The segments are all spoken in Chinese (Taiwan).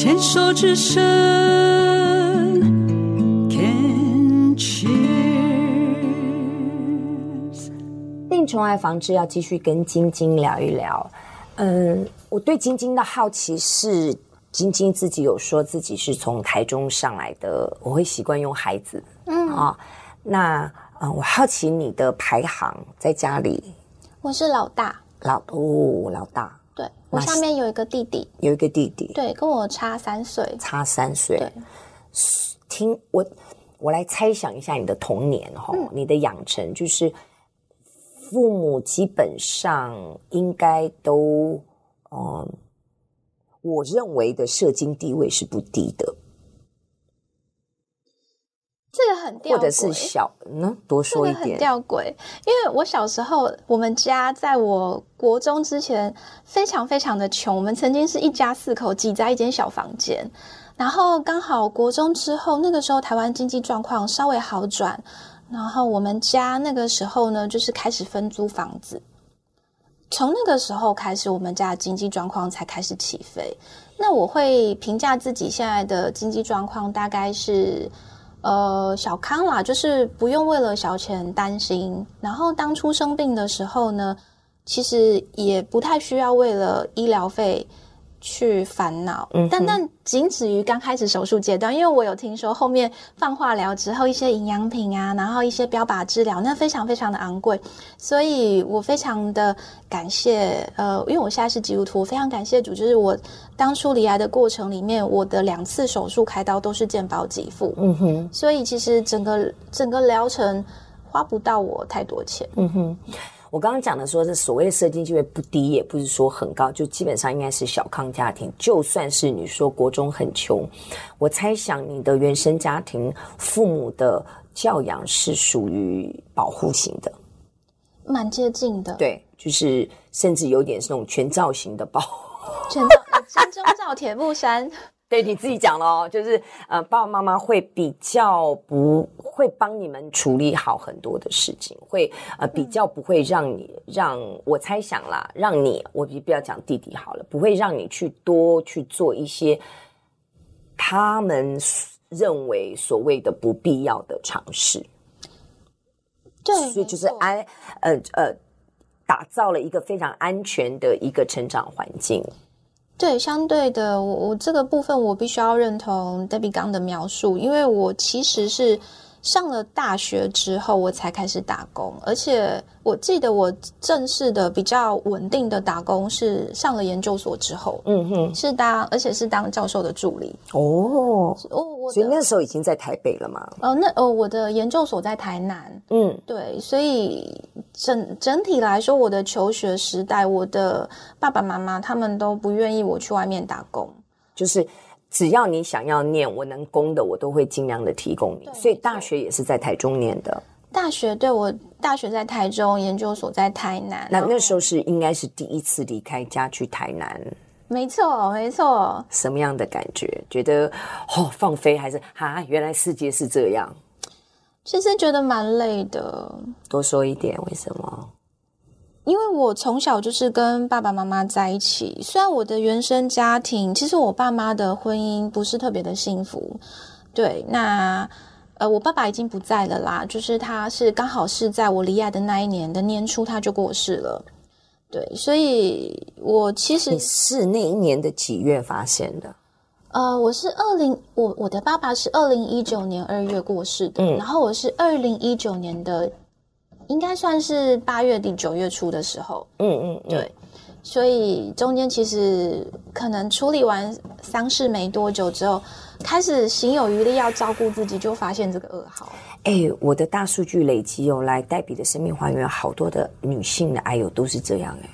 牽手之聲 can choose 病蟲害防治，要繼續跟晶晶聊一聊。嗯，我對晶晶的好奇是，晶晶自己有說自己是從台中上來的，我會習慣用孩子。嗯啊、哦，那嗯、呃，我好奇你的排行在家裡，我是老大，老哦，老大。對，那我下面有一個弟弟，有一個弟弟，對，跟我差三歲，差三歲。對，聽我，我來猜想一下你的童年哈、哦，嗯、你的養成，就是父母基本上應該都，嗯，我認為的社經地位是不低的。這個很吊詭，或者是小呢？嗯，多說一點，很吊詭。因為我小時候，我們家在我國中之前非常非常的窮，我們曾經是一家四口擠在一間小房間。然後剛好國中之後，那個時候台灣經濟狀況稍微好轉，然後我們家那個時候呢，就是開始分租房子。從那個時候開始，我們家的經濟狀況才開始起飛。那我會評價自己現在的經濟狀況，大概是。呃，小康啦，就是不用為了小錢擔心。然後當初生病的時候呢，其實也不太需要為了醫療費去煩惱，嗯哼，但但僅止於剛開始手術階段，因為我有聽說後面放化療之後一些營養品啊，然後一些標靶治療，那非常非常的昂貴，所以我非常的感謝，呃，因為我現在是基督徒，我非常感謝主，就是我當初罹癌的過程裡面，我的兩次手術開刀都是健保給付，嗯哼，所以其實整個整個療程花不到我太多錢，嗯哼。我剛剛講的說，這所謂的社經地位不低，也不是說很高，就基本上應該是小康家庭。就算是你說國中很窮，我猜想你的原生家庭父母的教養是屬於保護型的，蠻接近的。對，就是甚至有點是那種全罩型的保護，全罩山中照鐵木山。 對，你自己講了哦，就是呃，爸、嗯、爸媽媽會比較不。會幫你們處理好很多的事情，會、呃、比較不會讓你讓、嗯、我猜想啦，讓你我不要講弟弟好了，不會讓你去多去做一些他們認為所謂的不必要的嘗試。對，所以就是安，沒錯。呃呃，打造了一個非常安全的一個成長環境。對，相對的，我我這個部分我必須要認同 Debbie 剛的描述，因為我其實是。上了大學之後，我才開始打工。而且我記得我正式的、比較穩定的打工是上了研究所之後。嗯哼，是當，而且是當教授的助理。哦，所以那時候已經在台北了嗎？哦、呃，那哦、呃，我的研究所在台南。嗯，對，所以整整體來說，我的求學時代，我的爸爸媽媽他們都不願意我去外面打工，就是。只要你想要念，我能供的我都會盡量的提供你。對所以大學也是在台中念的。大學對我，大學在台中，研究所在台南。那那時候是、嗯、應該是第一次離開家去台南。沒錯，沒錯。什麼樣的感覺？覺得哦，放飛還是啊？原來世界是這樣。其實覺得蠻累的。多說一點，為什麼？因為我從小就是跟爸爸媽媽在一起，雖然我的原生家庭，其實我爸媽的婚姻不是特別的幸福，對。那呃，我爸爸已經不在了啦，就是他是剛好是在我離異的那一年的年初他就過世了，對。所以，我其實，你是那一年的幾月發現的？呃，我是二零，我我的爸爸是二零一九年二月過世的，嗯。然後我是二零一九年的。應該算是八月底九月初的時候，嗯，嗯嗯，對，所以中間其實可能處理完喪事沒多久之後，開始行有餘力要照顧自己，就發現這個噩耗。哎，我的大數據累積有、哦、來黛比的生命花園，好多的女性的愛友都是這樣哎，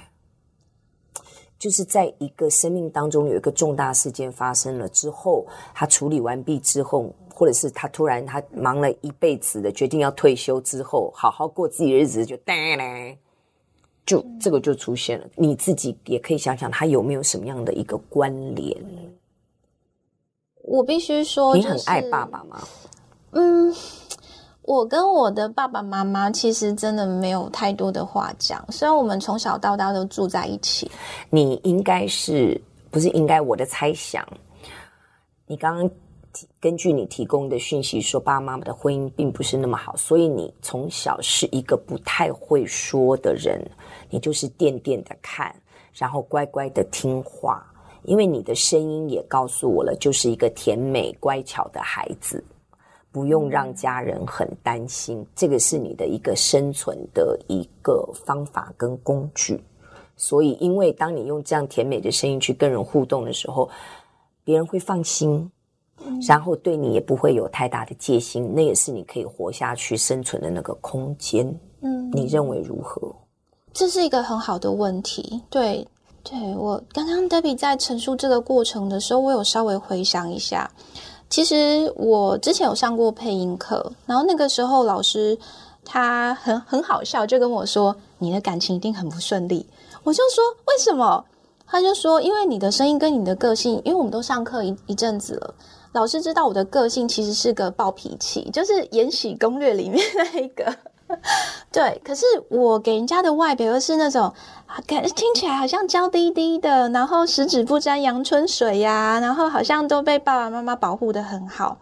就是在一個生命當中有一個重大事件發生了之後，她處理完畢之後。或者是他突然他忙了一輩子的決定要退休之後，好好過自己的日子，就叮叮、就噔嘞、就這個就出現了。你自己也可以想想，他有沒有什麼樣的一個關聯？我必須說，就是，你很愛爸爸嗎？嗯，我跟我的爸爸媽媽其實真的沒有太多的話講，雖然我們從小到大都住在一起。你應該是不是應該我的猜想？你剛剛。根據你提供的訊息，說爸爸媽媽的婚姻並不是那麼好，所以你從小是一個不太會說的人，你就是惦惦的看，然後乖乖的聽話，因為你的聲音也告訴我了，就是一個甜美乖巧的孩子，不用讓家人很擔心，這個是你的一個生存的一個方法跟工具。所以，因為當你用這樣甜美的聲音去跟人互動的時候，別人會放心。然後對你也不會有太大的戒心，那也是你可以活下去、生存的那個空間。嗯，你認為如何？這是一個很好的問題。對，對，我剛剛 Debbie 在陳述這個過程的時候，我有稍微回想一下。其實我之前有上過配音課，然後那個時候老師他很很好笑，就跟我說：“你的感情一定很不順利。”我就說：“為什麼？”他就說：“因為你的聲音跟你的個性，因為我們都上課一一陣子了。”老師知道我的個性其實是個暴脾氣，就是《延禧攻略》裡面那一個。 對，可是我給人家的外表又是那種，感、啊、聽起來好像嬌滴滴的，然後十指不沾陽春水呀，啊，然後好像都被爸爸媽媽保護的很好，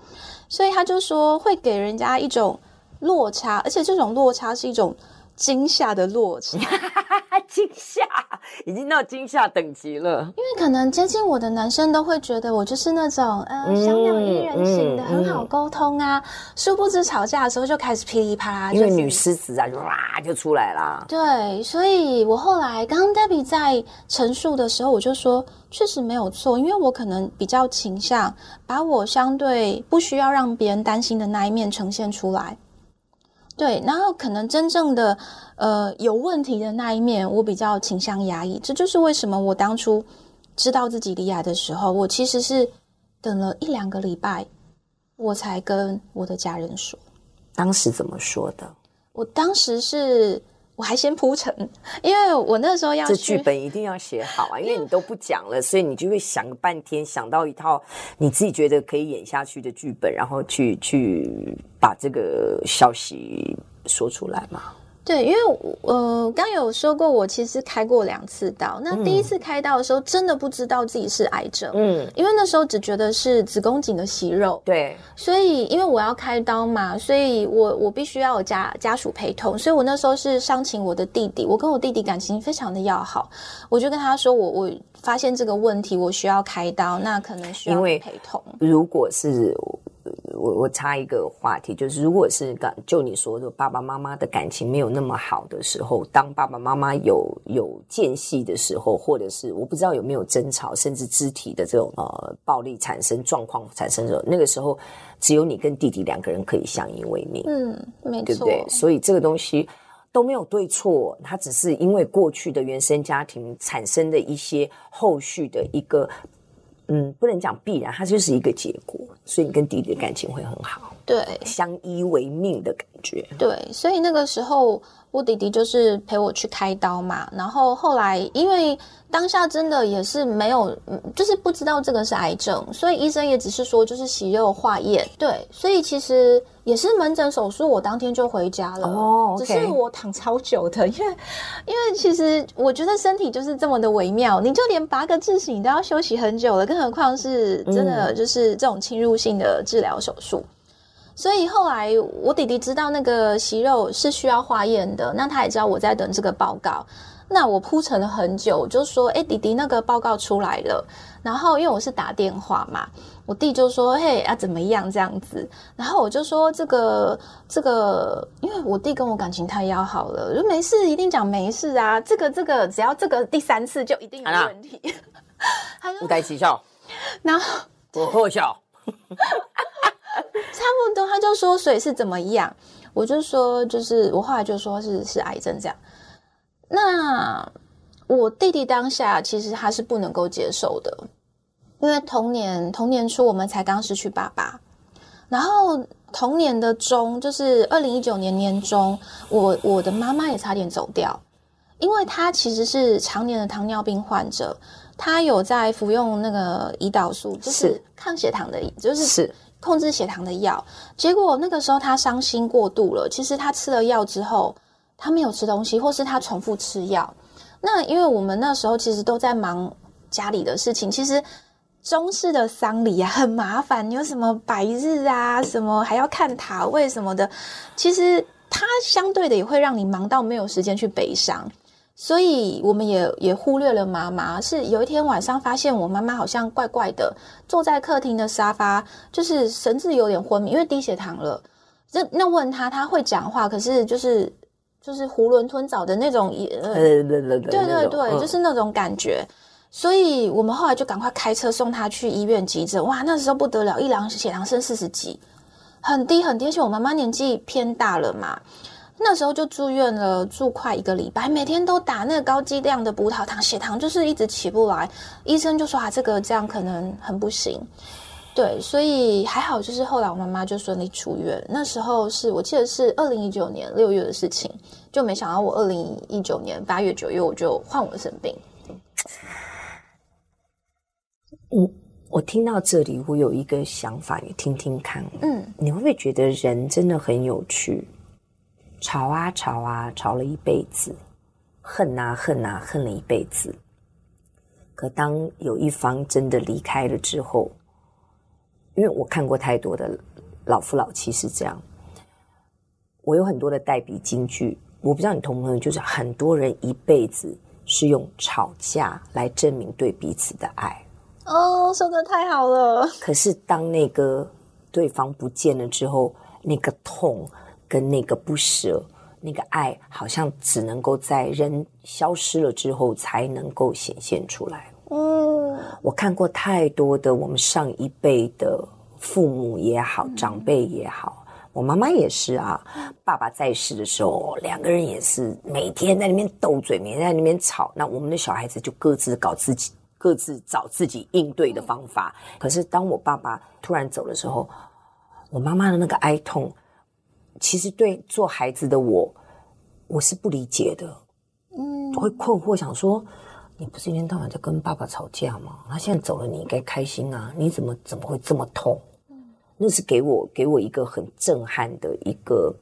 所以他就說會給人家一種落差，而且這種落差是一種。驚嚇的落差，驚嚇 已經到驚嚇等級了。因為可能接近我的男生都會覺得我就是那種嗯、呃、小鳥依人型的，嗯嗯、很好溝通啊。殊不知吵架的時候就開始噼裡啪啦、就是，因為女獅子啊，就哇就出來啦。對，所以我後來剛剛 Debbie 在陳述的時候，我就說確實沒有錯，因為我可能比較傾向把我相對不需要讓別人擔心的那一面呈現出來。對，然後可能真正的，呃，有問題的那一面，我比較傾向壓抑。這就是為什麼我當初知道自己罹癌的時候，我其實是等了一兩個禮拜，我才跟我的家人說。當時怎麼說的？我當時是。我還先鋪陳，因為我那個時候要這劇本一定要寫好啊，因為你都不講了， 所以你就會想半天，想到一套你自己覺得可以演下去的劇本，然後去去把這個消息說出來嘛。對，因為呃，我剛有說過，我其實開過兩次刀。那第一次開刀的時候，真的不知道自己是癌症，嗯，嗯因為那時候只覺得是子宮頸的息肉。對，所以因為我要開刀嘛，所以我我必須要有家家屬陪同。所以我那時候是傷情我的弟弟，我跟我弟弟感情非常的要好，我就跟他說我，我我發現這個問題，我需要開刀，那可能需要陪同。因為如果是。我我插一個話題，就是如果是感就你說的爸爸媽媽的感情沒有那麼好的時候，當爸爸媽媽有有間隙的時候，或者是我不知道有沒有爭吵，甚至肢體的這種呃暴力產生狀況產生的時候，那個時候只有你跟弟弟兩個人可以相依為命。嗯，沒錯，對不對？所以這個東西都沒有對錯，它只是因為過去的原生家庭產生的一些後續的一個。嗯，不能講必然，它就是一個結果，所以你跟弟弟的感情會很好，對，相依為命的感覺，對，所以那個時候。我弟弟就是陪我去開刀嘛，然後後來因為當下真的也是沒有，就是不知道這個是癌症，所以醫生也只是說就是息肉化驗。對，所以其實也是門診手術，我當天就回家了。哦，oh, okay. 只是我躺超久的，因為因為其實我覺得身體就是這麼的微妙，你就連拔個智齒你都要休息很久了，更何況是真的就是這種侵入性的治療手術。所以後來我弟弟知道那個息肉是需要化驗的，那他也知道我在等這個報告。那我鋪陳了很久，我就說：“哎、欸，弟弟，那個報告出來了。”然後因為我是打電話嘛，我弟就說：“嘿，啊怎麼樣這樣子？”然後我就說：“這個，這個，因為我弟跟我感情太要好了，就沒事，一定講沒事啊。這個，這個，只要這個第三次就一定有問題。麼”不該起笑，然後我破笑。 差不多，他就說水是怎麼樣，我就說就是我後來就說是是癌症這樣。那我弟弟當下其實他是不能夠接受的，因為同年同年初我們才剛失去爸爸，然後同年的中就是二零一九年年中，我我的媽媽也差點走掉，因為她其實是常年的糖尿病患者，她有在服用那個胰島素，就是抗血糖的，是就是是。控制血糖的藥，結果那個時候他傷心過度了。其實他吃了藥之後，他沒有吃東西，或是他重複吃藥。那因為我們那時候其實都在忙家裡的事情，其實中式的喪禮啊很麻煩，你有什麼百日啊什麼還要看塔位什麼的，其實它相對的也會讓你忙到沒有時間去悲傷。所以我們也也忽略了媽媽，是有一天晚上發現我媽媽好像怪怪的，坐在客廳的沙發，就是神志有點昏迷，因為低血糖了。那那問她，她會講話，可是就是就是囫圇吞棗的那種，也、哎、呃、哎、對對對那種，就是那種感覺。嗯、所以我們後來就趕快開車送她去醫院急診，哇，那時候不得了，一量血糖剩四十幾，很低很低，而且我媽媽年紀偏大了嘛。那時候就住院了，住快一個禮拜，每天都打那個高劑量的葡萄糖，血糖就是一直起不來。醫生就說啊，這個這樣可能很不行。對，所以還好，就是後來我媽媽就順利出院。那時候是我記得是二零一九年六月的事情，就沒想到我二零一九年八月、九月我就換我生病。我、嗯、我聽到這裡，我有一個想法，你聽聽看。嗯，你會不會覺得人真的很有趣？吵啊吵啊，吵了一輩子；恨啊恨啊，恨了一輩子。可當有一方真的離開了之後，因為我看過太多的老夫老妻是這樣。我有很多的代筆金句，我不知道你同不同意，就是很多人一輩子是用吵架來證明對彼此的愛。哦，說得太好了。可是當那個對方不見了之後，那個痛。跟那個不舍，那個愛，好像只能夠在人消失了之後才能夠顯現出來。嗯，我看過太多的我們上一輩的父母也好，嗯、長輩也好，我媽媽也是啊。嗯、爸爸在世的時候，兩個人也是每天在那邊鬥嘴，每天在那邊吵。那我們的小孩子就各自搞自己，各自找自己應對的方法。嗯、可是當我爸爸突然走的時候，我媽媽的那個哀痛。其實對做孩子的我，我是不理解的，嗯，會困惑，想說你不是一天到晚在跟爸爸吵架嗎？他現在走了，你應該開心啊！你怎麼怎麼會這麼痛？嗯，那是給我給我一個很震撼的一個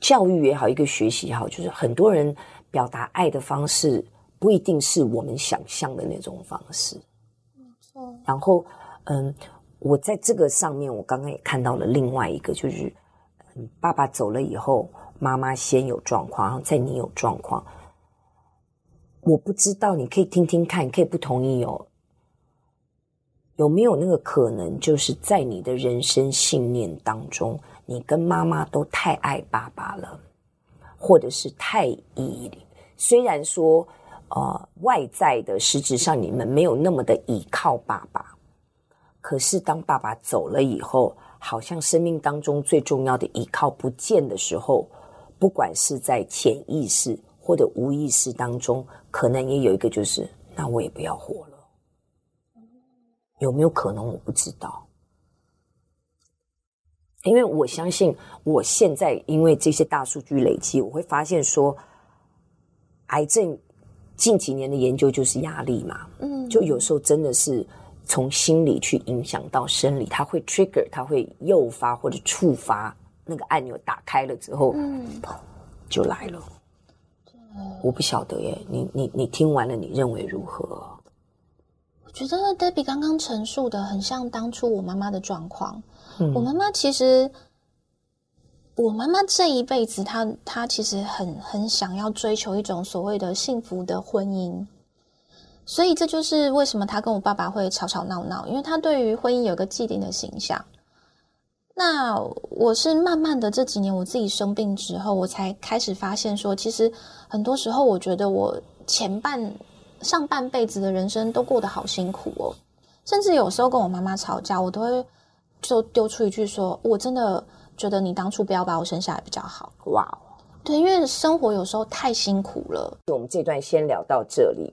教育也好，一個學習也好，就是很多人表達愛的方式不一定是我們想象的那種方式。嗯，然後，嗯，我在這個上面，我剛剛也看到了另外一個，就是。爸爸走了以後，媽媽先有狀況，然後在你有狀況。我不知道，你可以聽聽看，你可以不同意哦。有沒有那個可能，就是在你的人生信念當中，你跟媽媽都太愛爸爸了，或者是太依？雖然說，呃，外在的實質上你們沒有那麼的依靠爸爸，可是當爸爸走了以後。好像生命當中最重要的依靠不見的時候，不管是在潛意識或者無意識當中，可能也有一個就是，那我也不要活了。有沒有可能我不知道？因為我相信，我現在因為這些大數據累積，我會發現說，癌症近幾年的研究就是壓力嘛。嗯，就有時候真的是。從心理去影響到生理，它會 trigger，它會誘發或者觸發，那個按鈕打開了之後，嗯，就來了。對我不曉得耶，你你你聽完了，你認為如何？我覺得 Debbie 剛剛陳述的，很像當初我媽媽的狀況。嗯、我媽媽其實，我媽媽這一輩子她、她她其實很很想要追求一種所謂的幸福的婚姻。所以這就是為什麼他跟我爸爸會吵吵鬧鬧，因為他對於婚姻有一個既定的形象。那我是慢慢的這幾年我自己生病之後，我才開始發現說，其實很多時候我覺得我前半上半輩子的人生都過得好辛苦哦，甚至有時候跟我媽媽吵架，我都會就丟出一句說：“我真的覺得你當初不要把我生下來比較好。哇”哇哦，對，因為生活有時候太辛苦了。就我們這段先聊到這裡。